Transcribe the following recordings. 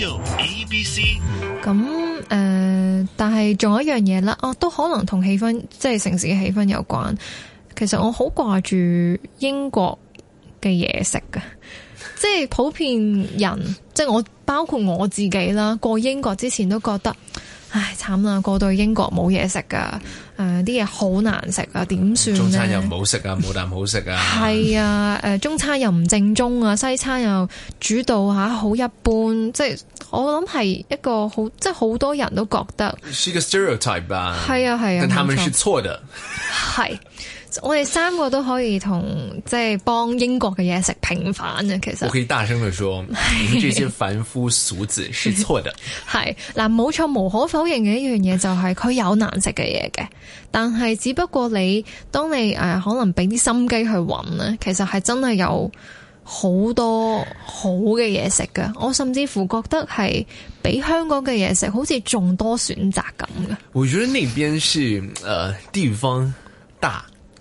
A、B、C，咁誒，但係仲有一樣嘢啦，哦、啊，都可能同氣氛，即係城市嘅氣氛有關。其實我好掛住英國嘅嘢食㗎，即係普遍人，即係我，包括我自己啦，過英國之前都覺得。唉，慘啦！過到去英國冇嘢食噶，誒啲嘢好難食啊，點算咧？中餐又唔好食啊，冇啖好食啊，係啊，中餐又唔、啊啊 啊呃、正宗啊，西餐又煮到下好、啊、一般，即係我諗係一個好，即係好多人都覺得係個 stereotype 吧。係啊係啊，跟、啊啊、佢哋係錯的。係。 我哋三個都可以同即係幫英國嘅嘢食平反啊！其實我可以大聲嘅說， 你們這些凡夫俗子是錯的。係 嗱，冇錯，無可否認嘅一樣嘢就係佢有難食嘅嘢嘅，但係只不過你當你誒、呃、可能俾啲心機去揾咧，其實係真係有好多好嘅嘢食㗎。我甚至乎覺得係比香港嘅嘢食好似仲多選擇咁嘅。我覺得那邊是誒、呃、地方大。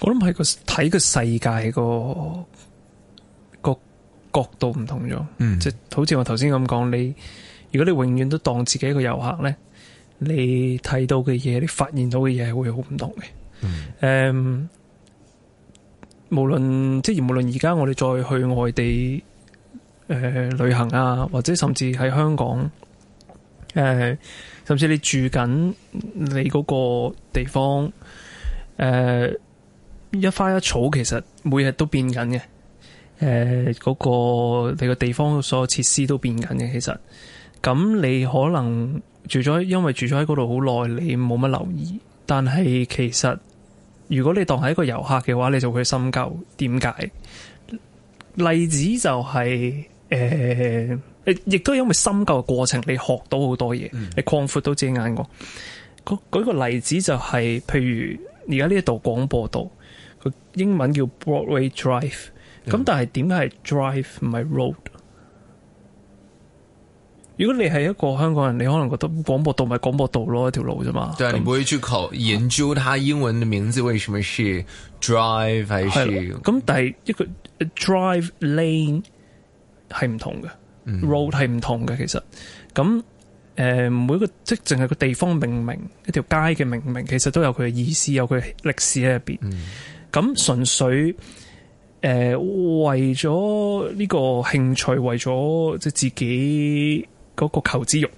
我諗係個睇個世界個個角度唔同咗，即係、嗯、好似我頭先咁講，你如果你永遠都當自己一個遊客咧，你睇到嘅嘢，你發現到嘅嘢係會好唔同嘅。誒、嗯，um, 無論即係無論而家我哋再去外地誒、呃、旅行啊，或者甚至喺香港誒、呃，甚至你住緊你嗰個地方誒。呃一花一草其實每日都變緊嘅，誒、呃，嗰、那個你個地方所有設施都變緊嘅，其實，咁你可能住咗，因為住咗喺嗰度好耐，你冇乜留意，但係其實如果你當係一個遊客嘅話，你就會去深究點解。例子就係、是，誒、呃，亦都因為深究嘅過程，你學到好多嘢，你擴闊到自己眼光。舉、嗯、舉個例子就係、是，譬如。而家呢一度廣播道，佢英文叫 Broadway Drive。咁但係點解係 drive 唔係 road？如果你係一個香港人，你可能覺得廣播道咪廣播道咯，一條路啫嘛。對、啊，你唔會去考研究，佢英文嘅名字為什麼是 drive，係？咁但係一個 drive lane 係唔同嘅、嗯、，road 係唔同嘅，其實咁。誒、呃，每個即淨係個地方命名，一條街嘅命名，其實都有佢嘅意思，有佢嘅歷史喺入邊。咁、嗯、純粹誒、呃，為咗呢個興趣，為咗即係自己嗰個求知欲，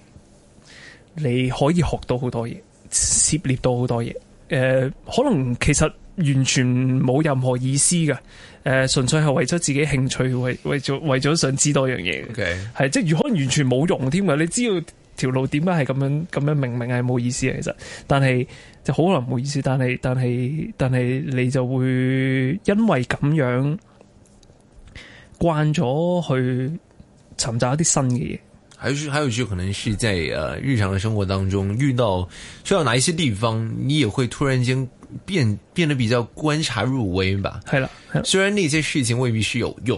你可以學到好多嘢，涉獵到好多嘢。誒、呃，可能其實完全冇任何意思嘅。誒、呃，純粹係為咗自己興趣，為為咗為咗想知多樣嘢。係、Okay. 即係，可能完全冇用添嘅。你知道？條路點解係咁樣咁樣，明明係冇意思嘅，其實，但係就好可能冇意思，但係但係但係你就會因為咁樣慣咗去尋找一啲新嘅嘢。還有係啊，就可能是在誒日常嘅生活當中遇到，需要哪一些地方，你也會突然間變變得比較觀察入微吧。係啦，係啦，雖然呢些事情未必是有用。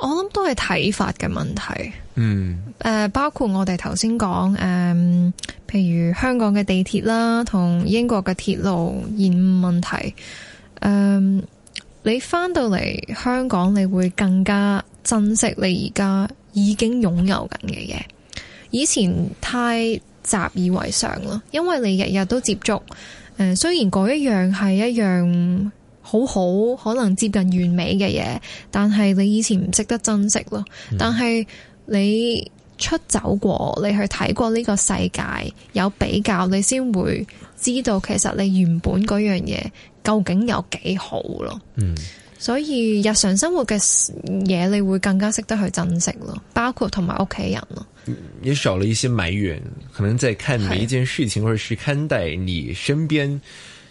我諗都係睇法嘅問題，嗯，誒、呃，包括我哋頭先講，誒、呃，譬如香港嘅地鐵啦，同英國嘅鐵路延誤問題，誒、呃，你翻到嚟香港，你會更加珍惜你而家已經擁有緊嘅嘢，以前太習以為常啦，因為你日日都接觸，誒、呃，雖然嗰一樣係一樣。好好可能接近完美嘅嘢，但係你以前唔識得珍惜咯。嗯，但係你出走過，你去睇過呢個世界，有比較，你先會知道其實你原本嗰樣嘢究竟有幾好咯。嗯，所以日常生活嘅嘢你會更加識得去珍惜咯，包括同埋屋企人咯。也少了一些埋怨，可能在看每一件事情，或者是看待你身邊。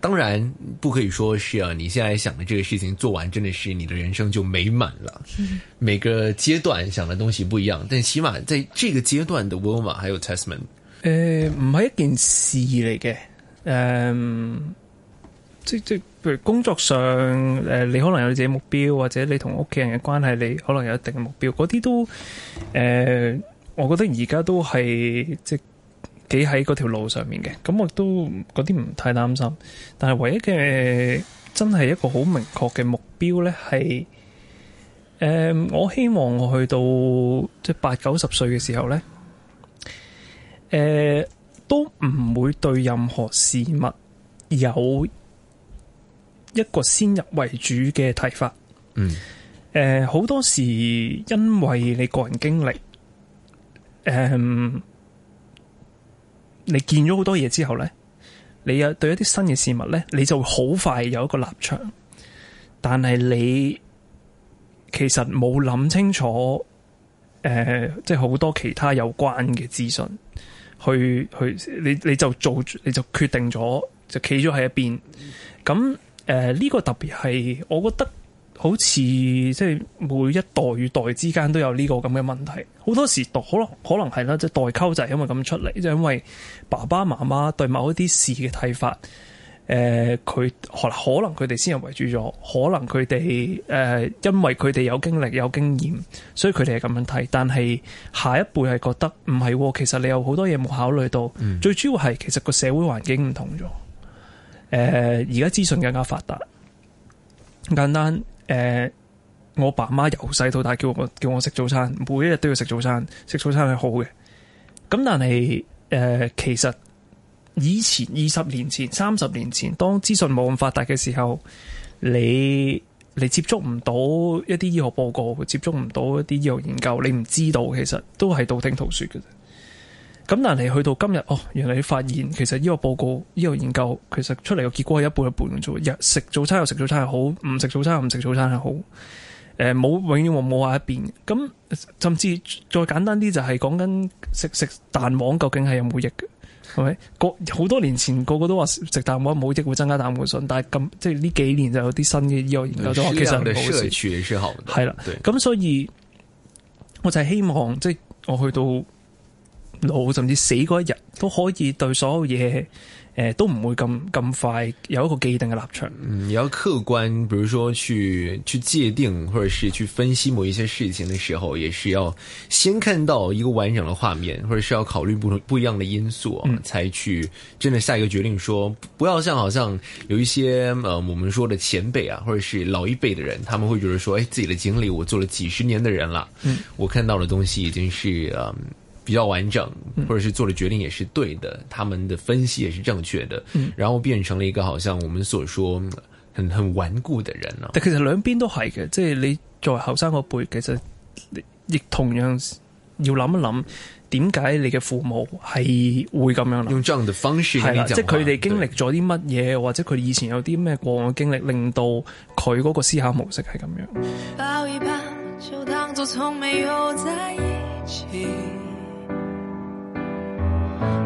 當然不可以說是啊，你現在想的這個事情做完，真的是你的人生就美滿了。每個階段想的東西不一樣，但起碼在這個階段的 Wilma 還有 testament 誒唔係一件事嚟嘅，誒、um, 即即譬如工作上，誒你可能有自己目標，或者你同屋企人嘅關係，你可能有一定嘅目標，嗰啲都誒、呃，我覺得而家都係即。企喺嗰條路上面嘅，咁我都嗰啲唔太擔心。但係唯一嘅真係一個好明確嘅目標呢，係誒，我希望我去到即八九十歲嘅時候呢，誒，都唔會對任何事物有一個先入為主嘅睇法。嗯。誒，好多時因為你個人經歷，誒、嗯。你見咗好多嘢之後咧，你有對一啲新嘅事物咧，你就會好快有一個立場，但係你其實冇諗清楚，誒，即係好多其他有關嘅資訊，去去你你就做你就決定咗，就企咗喺一邊。咁，誒，呢個特別係我覺得。好似即係每一代與代之間都有呢個咁嘅問題，好多時讀可能可能係啦，即係代溝就係因為咁出嚟，就因為爸爸媽媽對某一啲事嘅睇法，誒、呃，佢可能可能佢哋先入為主咗，可能佢哋誒因為佢哋有經歷有經驗，所以佢哋係咁樣睇，但係下一輩係覺得唔係，其實你有好多嘢冇考慮到。嗯，最主要係其實個社會環境唔同咗，誒、呃，而家資訊更加發達，咁簡單。誒、呃，我爸媽由細到大叫我叫我食早餐，每一日都要食早餐，食早餐係好嘅。咁但係誒、呃，其實以前二十年前、三十年前，當資訊冇咁發達嘅時候，你你接觸唔到一啲醫學報告，接觸唔到一啲醫學研究，你唔知道，其實都係道聽途說嘅啫。咁但係去到今日哦，原來你發現其實呢個報告、呢、呢個研究，其實出嚟個結果係一半一半嘅啫。日食早餐又食早餐係好，唔食早餐又唔食早餐係好。誒、呃，冇永遠冇冇話一邊。咁甚至再簡單啲就係講緊食食蛋黃究竟係有冇益嘅？係咪？好多年前個個都話食蛋黃冇益會增加膽固醇，但係咁即係呢幾年就有啲新嘅呢個研究就話其實冇。係啦，咁所以我就係希望即係、就是、我去到。老甚至死嗰一日都可以對所有嘢、呃、都唔會咁咁快有一個既定嘅立場。嗯，你要客觀，比如說去去界定或者是去分析某一些事情嘅時候，也是要先看到一個完整的畫面，或者是要考慮不同不一樣的因素，才去真的下一個決定說。說不要像好像有一些、呃、我們說的前輩啊，或者是老一輩的人，他們會覺得說，誒、哎，自己的經歷我做了幾十年的人啦，嗯，我看到嘅東西已經是嗯。呃比較完整，或者是做的決定也是對的、嗯，他們的分析也是正確的、嗯，然後變成了一個好像我們所說很很頑固的人啊。但其實兩邊都係嘅，即係你作為後生個輩，其實亦同樣要諗一諗，點解你嘅父母係會咁樣用這樣的方式係啦？即係佢哋經歷咗啲乜嘢，或者佢以前有啲咩過往經歷，令到佢嗰個思考模式係咁樣。抱一抱，就當做從沒有在一起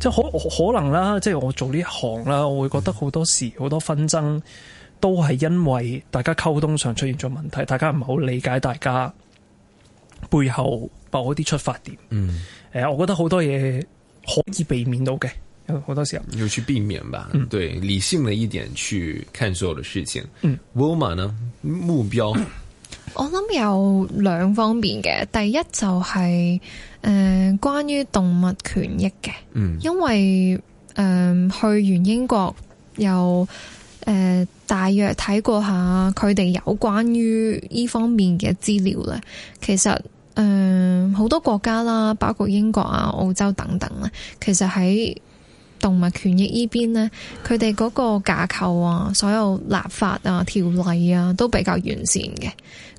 即係可可能啦，即係我做呢行啦，我會覺得好多時好、嗯、多紛爭都係因為大家溝通上出現咗問題，大家唔係好理解大家背後搏嗰啲出發點。嗯，誒、呃，我覺得好多嘢可以避免到嘅，有好多時候要去避免吧。嗯，對，理性嘅一點去看所有嘅事情。嗯，沃爾瑪呢目標？我諗有兩方面嘅，第一就係、是、誒、呃、關於動物權益嘅，嗯、因為誒、呃、去完英國又誒、呃、大約睇過下佢哋有關於呢方面嘅資料咧，其實誒好、呃、多國家啦，包括英國啊、澳洲等等咧，其實喺。動物權益呢邊呢，佢哋嗰個架構啊，所有立法啊、條例啊，都比較完善嘅。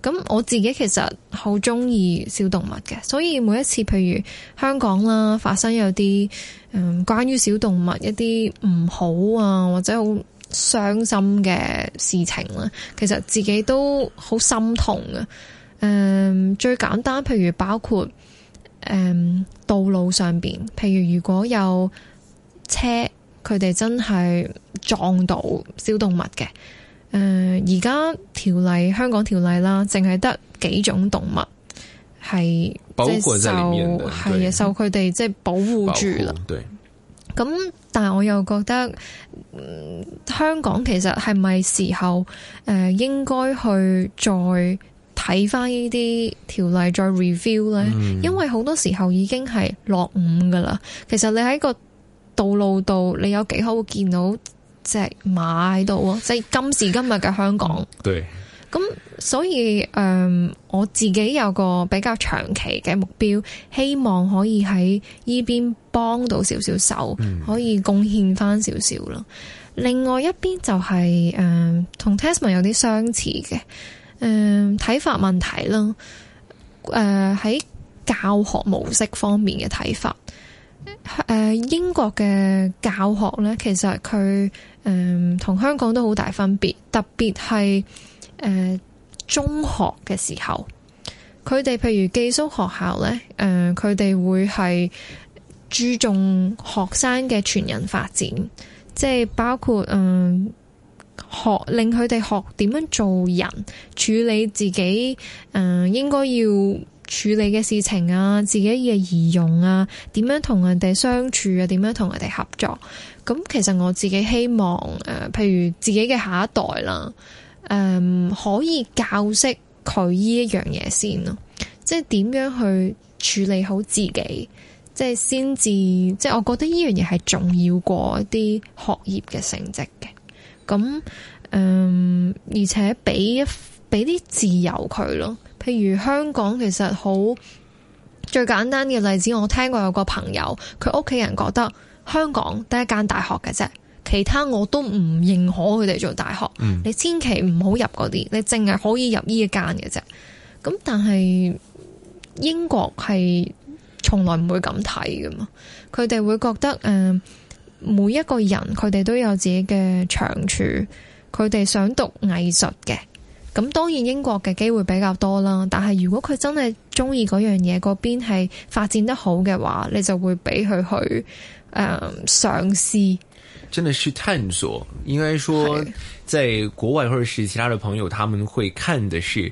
咁我自己其實好中意小動物嘅，所以每一次，譬如香港啦，發生有啲嗯關於小動物一啲唔好啊，或者好傷心嘅事情啦，其實自己都好心痛啊。嗯，最簡單，譬如包括誒、嗯、道路上邊，譬如如果有。車佢哋真係撞到小動物嘅。誒、呃，而家條例香港條例啦，淨係得幾種動物係即係受係啊，受佢哋即係保護住啦。咁，但係我又覺得、嗯、香港其實係咪時候誒、呃，應該去再睇翻呢啲條例再 review 咧、嗯？因為好多時候已經係落伍噶啦。其實你喺個。道路到你有幾好會見到隻馬喺度即就是，今時今日嘅香港，對，咁所以，嗯、呃，我自己有個比較長期嘅目標，希望可以喺呢邊幫到少少手，可以貢獻翻少少。另外一邊就係、是，誒、呃，同 Tesman 有啲相似嘅，誒、呃，睇法問題啦，誒、呃，喺教學模式方面嘅睇法。誒，英國嘅教學呢，其實佢，嗯，同香港都好大分別，特別係，誒、嗯，中學嘅時候，佢哋譬如寄宿學校呢，誒、嗯，佢哋會係注重學生嘅全人發展，即係包括，嗯，學令佢哋學點樣做人，處理自己，嗯，應該要。處理嘅事情啊，自己嘅儀容啊，點樣同人哋相處啊，點樣同人哋合作。咁其實我自己希望誒、呃，譬如自己嘅下一代啦，誒、呃，可以教識佢依一樣嘢先咯，即係點樣去處理好自己，即係先至，即係我覺得依樣嘢係重要過一啲學業嘅成績嘅。咁，嗯、呃，而且俾一俾啲自由佢咯。譬如香港其實好最簡單嘅例子，我聽過有個朋友，佢屋企人覺得香港得一間大學嘅啫，其他我都唔認可佢哋做大學。嗯、你千祈唔好入嗰啲，你淨係可以入呢一間嘅啫。咁但係英國係從來唔會咁睇噶嘛，佢哋會覺得誒、呃，每一個人佢哋都有自己嘅長處，佢哋想讀藝術嘅。咁當然英國嘅機會比較多啦，但係如果佢真係中意嗰樣嘢，嗰邊係發展得好嘅話，你就會俾佢去誒、呃、嘗試。真的是探索，應該說，在國外或者是其他嘅朋友的，他們會看的是。